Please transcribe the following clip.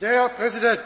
Der Präsident!